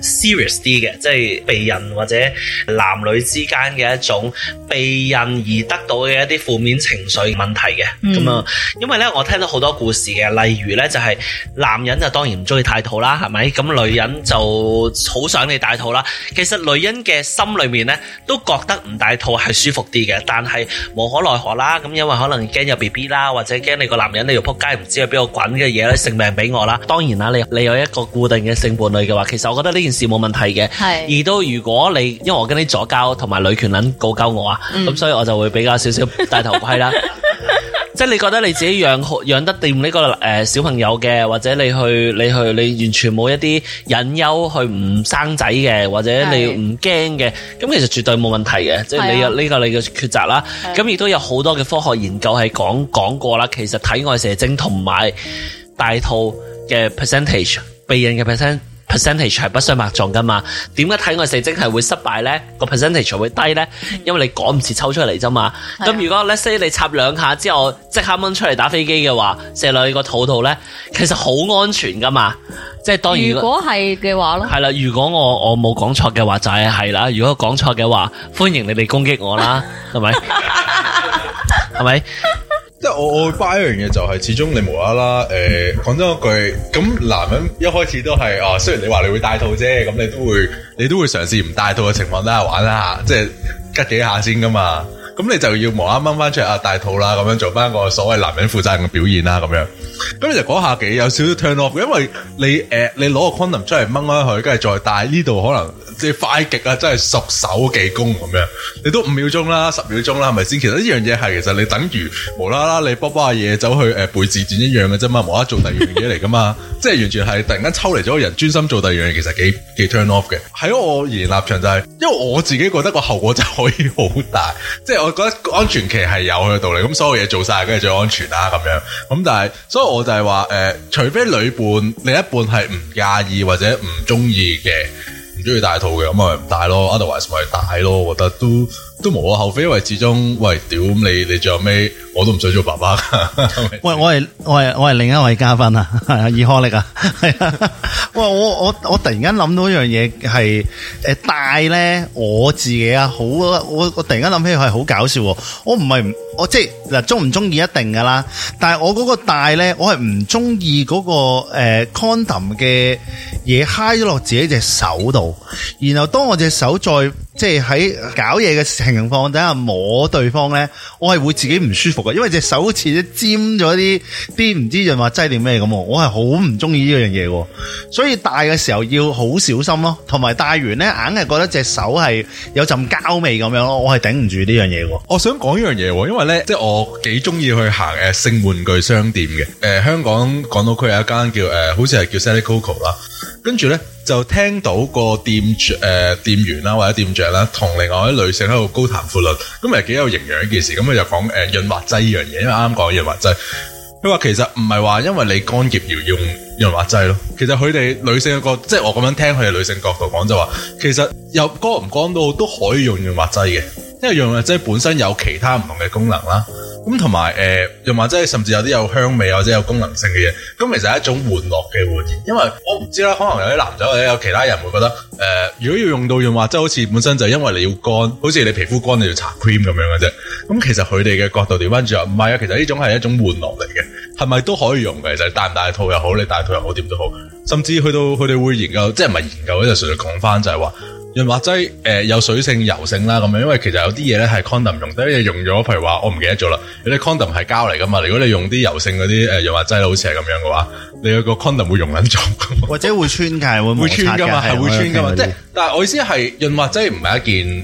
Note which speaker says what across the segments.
Speaker 1: serious 啲嘅，即係避孕或者男女之間嘅一種避孕而得到嘅一啲負面情緒問題嘅，咁啊、嗯，因為咧我聽到好多故事嘅，例如咧就係男人就當然唔中意戴套啦，係咪？咁女人就好想你戴套啦。其實女人嘅心裏面咧都覺得唔戴套係舒服啲嘅，但係無可奈何啦。咁因為可能驚有 B B 啦，或者驚你個男人你要扑街，唔知去邊度滾嘅嘢咧，性命俾我啦。當然啦，你你有一個固定嘅性伴侶嘅話，其實我覺得呢。件事冇問題嘅，是而到如果你，因為我跟啲左膠同埋女權捻告交我啊，咁、嗯、所以我就會比較少少戴頭盔啦。 即係你覺得你自己養養得掂呢、這個誒、呃、小朋友嘅，或者你去你去你完全冇一啲隱憂去唔生仔嘅，或者你唔驚嘅，咁是其實絕對冇問題嘅。啊、即係你有呢、這個你嘅抉擇啦。咁亦是都有好多嘅科學研究係講講過啦。其實體外射精同埋大肚嘅 percentage 避孕嘅 percent。percentage 係不相百撞噶嘛？點解睇我射精係會失敗咧？個 percentage 會低咧？因為你趕唔切抽出嚟啫嘛。咁的如果咧，的你插兩下之後即刻掹出嚟打飛機嘅話，射落你個肚度咧，其實好安全噶嘛。即係當然，如果係嘅話咯，係啦。如果我我冇講錯嘅話就係係啦。如果講錯嘅話，歡迎你哋
Speaker 2: 攻擊我啦，係咪？ 係咪？ 即係我我買一樣嘢就係，始終你無啦啦，誒，講真句，咁男人一開始都係啊、哦、雖然你話你會戴套啫，咁你都會你都會嘗試唔戴套嘅情況底下玩一下，即係吉幾下先噶嘛。咁你就要無啦掹翻出嚟啊，大肚啦，咁樣做翻個所謂男人負責任嘅表現啦、啊，咁樣咁你就講下幾有少少 turn off，因為你誒、呃、你攞個 condom、um、出嚟掹開佢，跟住再戴呢度可能即係快極啊，真係熟手技功咁樣，你都五秒鐘啦，十秒鐘啦，係咪先？其實呢樣嘢係其實你等於無啦啦你波波下嘢走去、呃、背字典一樣嘅啫嘛，無啦做第二樣嘢嚟噶嘛，即係完全係突然間抽離咗個人專心做第二樣嘢，其實幾幾 turn off 嘅。喺我而言立場就係、是，因為我自己覺得個後果就可以好大，即係我。我覺得安全期係有佢嘅道理，咁所有嘢做晒，跟住最安全啦咁樣。咁但係，所以我就係話，誒、呃，除非女伴另一半係唔介意或者唔中意嘅。中意戴套嘅，咁咪唔戴咯，otherwise 咪戴咯。我覺得都都冇可厚非，因為始終喂，屌咁你你最後尾我都唔想做爸爸。
Speaker 1: 喂，我係我係我係另一位嘉賓啊，阿易康力啊。
Speaker 2: 喂，我我
Speaker 1: 我突然間諗到一樣嘢係誒戴咧，我自己啊好，我我突然間諗起係好搞笑。我唔係我即係嗱，中唔中意一定噶啦，但係我嗰個戴咧，我係唔中意嗰個誒 condom 嘅。嘢嗨咗落自己隻手度，然後當我隻手再。即係喺搞嘢嘅情況底下摸對方呢，我係會自己唔舒服嘅，因為隻手好似咧沾咗啲啲唔知潤滑劑定咩咁，我係好唔中意呢樣嘢，所以戴嘅時候
Speaker 2: 要好小心咯。同埋戴完呢，硬係覺得隻手係有陣膠味咁樣咯，我係頂唔住呢樣嘢。我想講一樣嘢，因為呢，即係我幾中意去行誒，性玩具商店嘅。誒、呃，香港港島區有一間叫誒、呃，好似係叫 Sally Coco 啦，跟住呢。就聽到個店誒、呃、店員啦或者店長啦，同另外啲女性喺度高談闊論，咁咪幾有營養嘅一件事。咁佢就講誒、呃、潤滑劑呢樣嘢，因為啱啱講潤滑劑，佢話其實唔係話因為你乾澀要用潤滑劑咯，其實佢哋女性個即係我咁樣聽，佢哋女性角度講就話，其實又乾唔乾到都可以用潤滑劑嘅，因為潤滑劑本身有其他唔同嘅功能啦。咁同埋誒，又或者係甚至有啲有香味或者有功能性嘅嘢，咁其實係一種玩樂嘅玩意，因為我唔知啦，可能有啲男仔或者有其他人會覺得誒、呃，如果要用到用話，即係好似本身就係因為你要乾，好似你皮膚乾，你要搽 cream 咁樣嘅啫。咁其實佢哋嘅角度調翻轉，唔係啊，其實呢種係一種玩樂嚟嘅，係咪都可以用嘅？就係戴唔戴套又好，你戴套又好點都好，甚至去到佢哋會研究，即係唔係研究咧？就純粹講翻就係話。潤滑劑誒、呃、有水性油性啦咁樣，因為其實有啲嘢咧係 condom 用，溶，啲嘢用咗，譬如話我唔記得咗啦，有啲 condom 係膠嚟噶嘛。如果你用啲油性嗰啲誒潤滑劑好似係咁樣嘅話，你有個 condom 會溶緊咗，或者會穿嘅，會，會穿噶嘛，係的的會穿噶嘛。即係的，但係我意思係潤滑劑唔係一件誒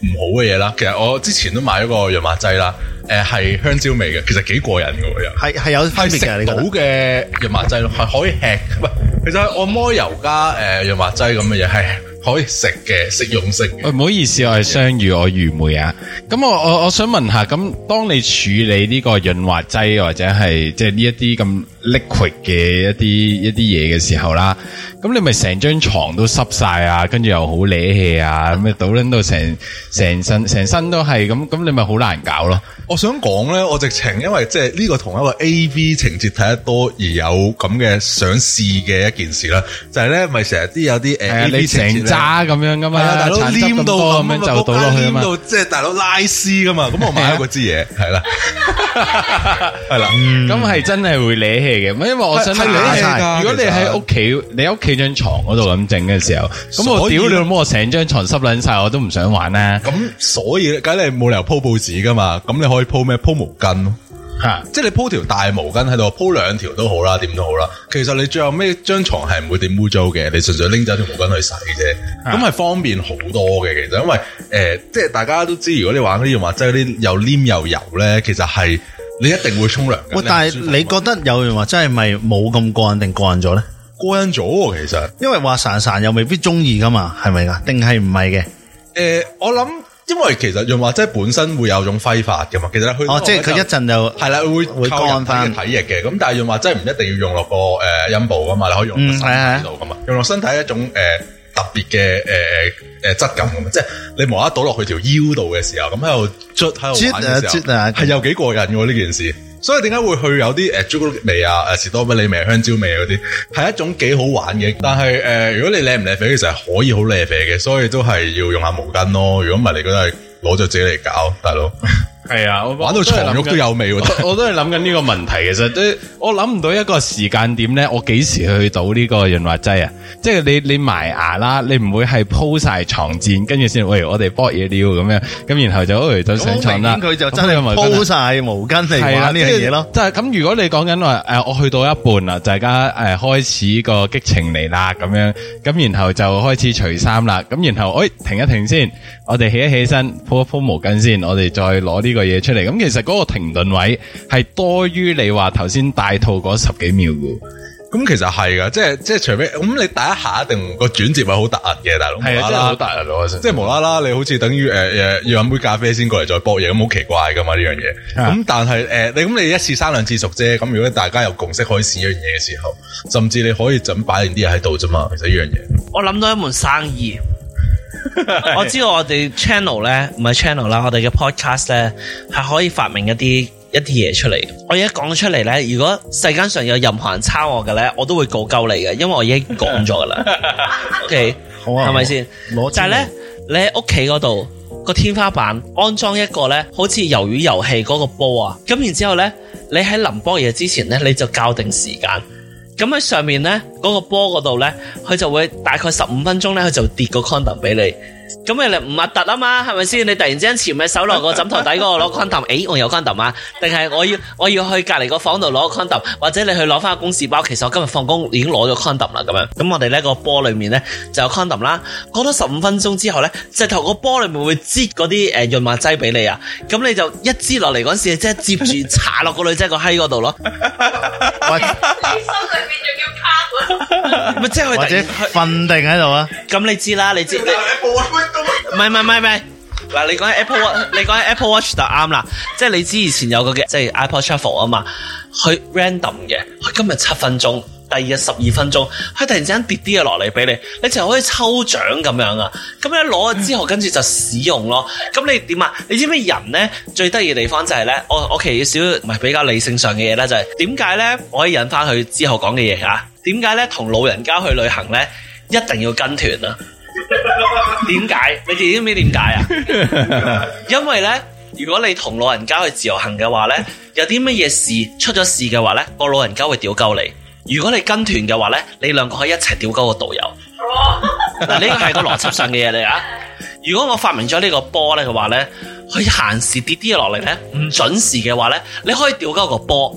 Speaker 2: 唔、呃、好嘅嘢啦。其實我之前都買咗個潤滑劑啦，誒、呃、係香蕉味嘅，其實幾過癮嘅喎，又係係有分別，係食到嘅潤滑劑係可以食。唔係，其實按摩油加誒潤滑劑咁嘅嘢係。可以食嘅食用性，
Speaker 3: 唔好意思，我係相遇，我愚昧啊！咁我我我想問下，咁當你處理呢個潤滑劑或者係即係呢一啲咁 liquid 嘅一啲一啲嘢嘅時候啦，咁你咪成張床都濕晒啊，跟住又好瀨氣啊，咁啊倒捻到成成身
Speaker 2: 成身都係咁，咁你咪好難搞咯？我想講咧，我直情因為即係呢個同一個 AV 情節睇得多而有咁嘅想試嘅一件事啦，就係咧咪成日啲有啲誒呢啲情節。啊
Speaker 3: 咁樣噶嘛，啊、大黏到咁樣就倒落去嘛，即係、就
Speaker 2: 是、大佬拉絲噶嘛，咁我買咗支嘢係啦，係啦，
Speaker 3: 咁係真係會攣氣嘅，因為我想係攣晒噶。就是、如果你喺屋企，實你屋企張床嗰度咁整嘅時候，咁以我屌你老母，以我成張床濕撚晒，我都唔想玩啦、啊。咁所
Speaker 2: 以，梗係你冇理由鋪報紙噶嘛，咁你可以鋪咩？鋪毛巾。係，即係你鋪條大毛巾喺度鋪兩條都好啦，點都好啦。其實你最後尾張床係唔會點污糟嘅，你純粹拎走條毛巾去洗啫。咁係的方便好多嘅，其實因為誒、呃，即係大家都知，如果你玩嗰啲嘢話，即係啲又黏又油咧，其實係你一定會沖涼。喂但係你覺得有人話真係咪冇咁過癮定過癮咗咧？過癮咗、啊、其實，因為話
Speaker 1: 潺潺又未必中意噶嘛，係咪啊？定係唔係嘅？
Speaker 2: 誒、呃，我諗。因為其實潤滑劑本身會有種揮發嘅嘛，其實佢哦即係佢一陣就係啦，就會會乾翻體，體液嘅，咁乾 但係潤滑劑唔一定要用落個誒陰部噶嘛，可以用身體度噶嘛，嗯、是是用落身體，是是身體一種誒。呃特別嘅誒誒質感咁，即係你磨一倒落去條腰度嘅時候，咁喺度捽喺度玩嘅時候，係又、呃呃呃、幾過癮嘅呢件事。所以點解會去有啲誒朱古力味啊、士多啤梨味、香蕉味嗰啲，係一種幾好玩嘅。但係誒、呃，如果你舐唔舐肥，其實係可以好舐肥嘅，所以都係要用下毛巾咯。如果唔係，你覺得係攞住自己嚟搞，大佬。 係啊，我玩到床褥都有味我，我都係諗緊呢個問題其
Speaker 3: 實，即我諗唔到一個時間點咧，我幾時去到呢個潤滑劑啊？即係你你埋牙啦，你唔會係鋪晒床墊跟住先，喂，我哋剝嘢料咁樣，咁然後就攞就上床啦。佢就真係鋪晒毛巾嚟玩呢樣嘢咯。即係咁如果你講緊話誒，我去到一半啦，大家誒開始個激情嚟啦，咁樣咁然後就開始除衫啦，咁然後誒、欸、停一停先，我哋起一起身鋪一鋪毛巾先，我哋再攞啲。個嘢出嚟，咁其實嗰個停頓位係多於你話
Speaker 2: 頭先大套嗰十幾秒噶，咁其實係噶，即係即係除非咁你第一下一定個轉折位好突兀嘅，大佬係啊，的真係好突即係無啦啦的你好似等於誒誒要飲杯咖啡先過嚟再播嘢，咁好奇怪噶嘛呢樣嘢，咁的但係誒你咁你一次生兩次熟啫，咁如果大家有共識可以試一樣嘢嘅時候，甚至你可以就咁擺完啲嘢喺度啫嘛，其實呢樣嘢，我諗到一
Speaker 1: 門生意。 我知道我哋 channel 咧唔係 channel 啦，我哋嘅 podcast 咧係可以發明一啲一啲嘢出嚟。我而家講咗出嚟咧，如果世間上有任何人抄我嘅咧，我都會告鳩你嘅，因為我已經講咗噶啦。 OK，好啊，係咪先？但係咧，你喺屋企嗰度個天花板安裝一個咧，好似魷魚遊戲嗰個波啊，咁然之後咧，你喺臨波嘢之前咧，你就校定時間。咁喺上面咧，嗰、那個波嗰度咧，佢就會大概十五分鐘咧，佢就跌個 condom 俾你。咁你唔核突啊嘛，係咪先？你突然之間潛喺手落個枕頭底嗰度攞 condom，誒，我有 condom 啊？定係我要我要去隔籬個房度攞個 condom，或者你去攞翻個公事包？其實我今日放工已經攞咗 condom 啦，咁樣。咁我哋咧、那個波裏面咧就有 condom 啦。過多十五分鐘之後咧，直頭個波裏面會擠嗰啲誒潤滑劑俾你啊。咁你就一支落嚟嗰時，即係接住搽落個女仔個閪嗰度咯。 者 咪 即係或者瞓定喺度啊！咁 你知啦，你知唔係唔係唔係嗱？Watch 你講 Apple，Watch，你講 Apple Watch 就啱啦。 即係你知以前有個嘅，即係 Apple Travel 啊嘛，佢 random 嘅，佢今日七分鐘，第二日十二分鐘，佢突然之間跌啲嘢落嚟俾你，你就可以抽獎咁樣啊！咁樣攞咗之後，跟住 就使用咯。咁你點啊？你知唔知人咧最得意嘅地方就係、是、咧，我我其實有少少唔係比較理性上嘅嘢啦，就係點解咧，我可以引翻佢之後講嘅嘢啊？點解咧？同老人家去旅行咧，一定要跟團啊？點解？你哋知唔知點解啊？因為咧，如果你同老人家去自由行嘅話咧，有啲乜嘢事出咗事嘅話咧，個老人家會屌鳩你。如果你跟團嘅話咧，你兩個可以一齊屌鳩個導遊。嗱，呢個係個邏輯上嘅嘢嚟啊！如果我發明咗呢個波咧嘅話咧。佢閒時跌啲嘢落嚟咧，唔準時嘅話咧，你可以掉鳩個波。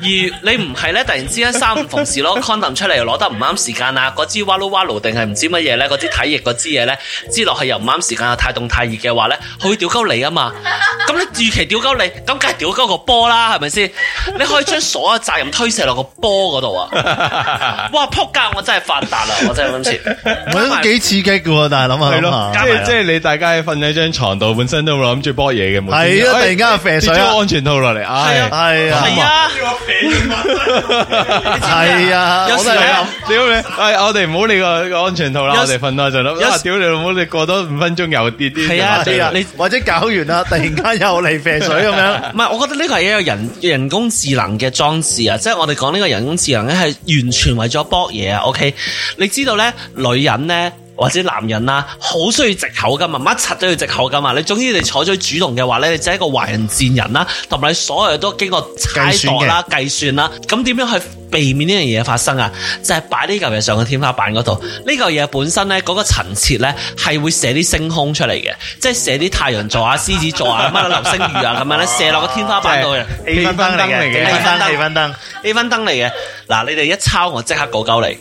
Speaker 1: 而你唔係咧，突然之間三五逢時咯，condom 出嚟又攞得唔啱時間啊，嗰支哇魯哇魯定係唔知乜嘢咧，嗰啲體液嗰支嘢咧，之落去又唔啱時間啊，太凍太熱嘅話咧，佢會掉鳩你啊嘛。咁你預期屌鳩你，咁梗係屌鳩個波啦，係咪先？你可以將所有責任推卸落個波嗰度啊！哇，仆街！我真係發達啦，我真係
Speaker 3: 咁諗，我都幾刺激嘅。但係諗下係咯，即係即係你大家瞓喺張床度，本身都會諗住波嘢嘅。係啊，突然間飛咗安全套落嚟啊！係啊，係啊，係啊，我都諗屌你！我哋唔好理個安全套啦，我哋瞓多陣啦。啊，屌你老母！你過多五分鐘又跌啲嘢，係啊，你或者
Speaker 1: 搞完啦，突然間。有嚟肥水咁樣，唔
Speaker 3: 係，我覺得呢個係一個人人工智能嘅
Speaker 1: 裝置啊，即係我哋講呢個人工智能咧係完全為咗搏嘢啊。OK，你知道咧，女人咧或者男人啦，好需要借口噶嘛，乜柒都要借口噶嘛。你總之你採取主動嘅話咧，你就係一個壞人賤人啦，啊，同埋你所有都經過猜測啦，計算，算啦，咁點樣去？避免呢樣嘢發生啊，就係擺呢嚿嘢上個天花板嗰度。呢嚿嘢本身咧，嗰個層設咧係會射啲星空出嚟嘅，即係射啲太陽座啊、獅子座啊、乜流星雨啊咁樣咧，射落個天花板度嘅氣氛燈嚟嘅，氣氛燈，氣氛燈，氣氛燈嚟嘅。嗱，你哋一抄我，即刻告鳩你，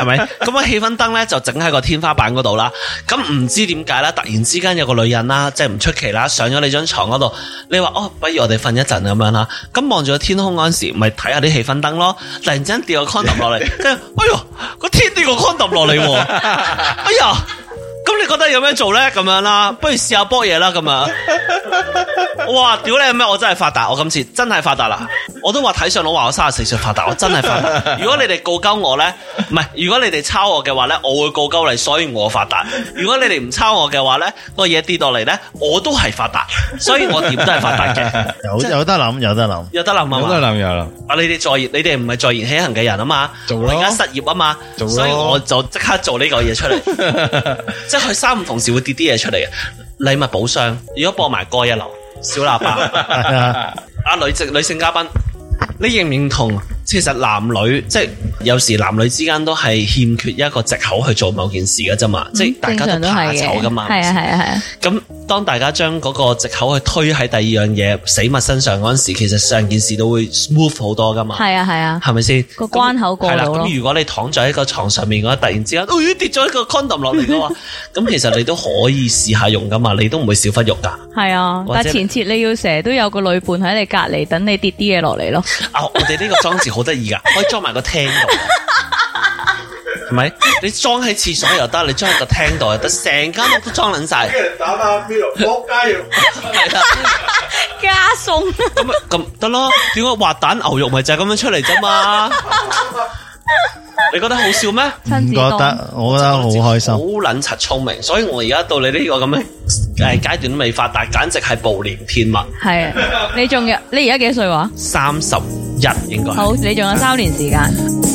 Speaker 1: 係咪？咁個氣氛燈咧就整喺個天花板嗰度啦。咁唔知點解啦，突然之間有個女人啦，即係唔出奇啦，上咗你張床嗰度。你話哦，不如我哋瞓一陣咁樣啦。咁望住個天空嗰陣時，咪睇下啲氣氛燈咯。突然間掉個 condom 落嚟，即係，哎呦，個天掉個 condom 落嚟喎，哎呀！ 你覺得有咩做咧？咁樣啦，不如試下波嘢啦。咁啊，哇！屌你咩？我真係發達，我今次真係發達啦！我都話睇相佬話我三十四歲發達，我真係發達。 如果你哋告鳩我咧，唔係如果你哋抄我嘅話咧，我會告鳩你，所以我發達。如果你哋唔抄我嘅話咧，個嘢跌落嚟咧，我都係發達，所以我點都係發達嘅。有、就是、有得諗，有得諗吧，有得諗啊嘛！有得諗，有你哋在你哋唔係坐言起行嘅人啊嘛？做咯了。而家失業啊嘛，了所以我就即刻做呢個嘢出嚟，即、 就是佢三五同時會跌啲嘢出嚟嘅，禮物寶箱。如果播埋歌一流，小喇叭。阿、 啊、女性女性嘉賓，你認唔認同？其實男女即有時男女之間都係欠缺一個藉口去做某件事㗎啫嘛，即係大家都怕醜噶嘛。係啊係啊係啊。咁當大家將嗰個藉口去推喺第二樣嘢死物身上嗰陣時，其實成件事都會 smooth 好多噶嘛。係啊係啊，係咪先個關口過咗，咁如果你躺在喺個床上面嘅話，突然之間跌咗一個 condom 落嚟嘅話，咁 其實你都可以試下用噶嘛，你都唔會少忽肉噶。係啊的，但係前設你要成日都有個女伴喺你隔籬等你跌啲嘢落嚟咯。啊、 哦，我哋呢個裝置好得意噶，可以裝埋個廳。 係咪？ 你裝喺廁所又得，你裝喺個廳度又得，成間屋都裝捻晒。加餸咁咪咁得咯？點解滑蛋牛肉咪就係咁樣出嚟啫嘛？ 你覺得好笑咩？唔覺得，我覺得好開心，好捻賊聰明。所以我而家到你呢個咁樣誒階段都未發達，簡直係暴殄天物。係啊，你仲有？你而家幾歲話、啊？三十一應該。好，你仲有三年時間。